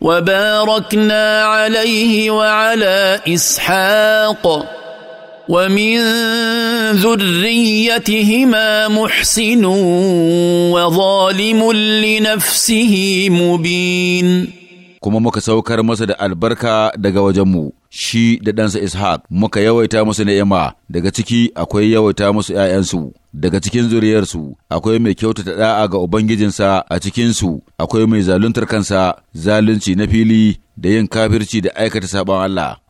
وباركنا عليه وعلى اسحاق ومن ذريتهما محسن وظالم لنفسه مبين كما مكسو saukar البركه da وجمو shi da ɗansa Ishaq muka yawaita musu ni'ima daga ciki akwai yawaita musu ‘ya'yansu daga cikin zuriyarsu akwai mai kyautata ɗa'a ga Ubangijinsa a cikinsu akwai mai zaluntar kansa zalunci na fili da yin kafirci da aikata saɓon Allah